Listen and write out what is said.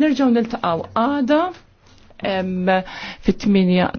Nerġaw nil-taqaw għada fit-8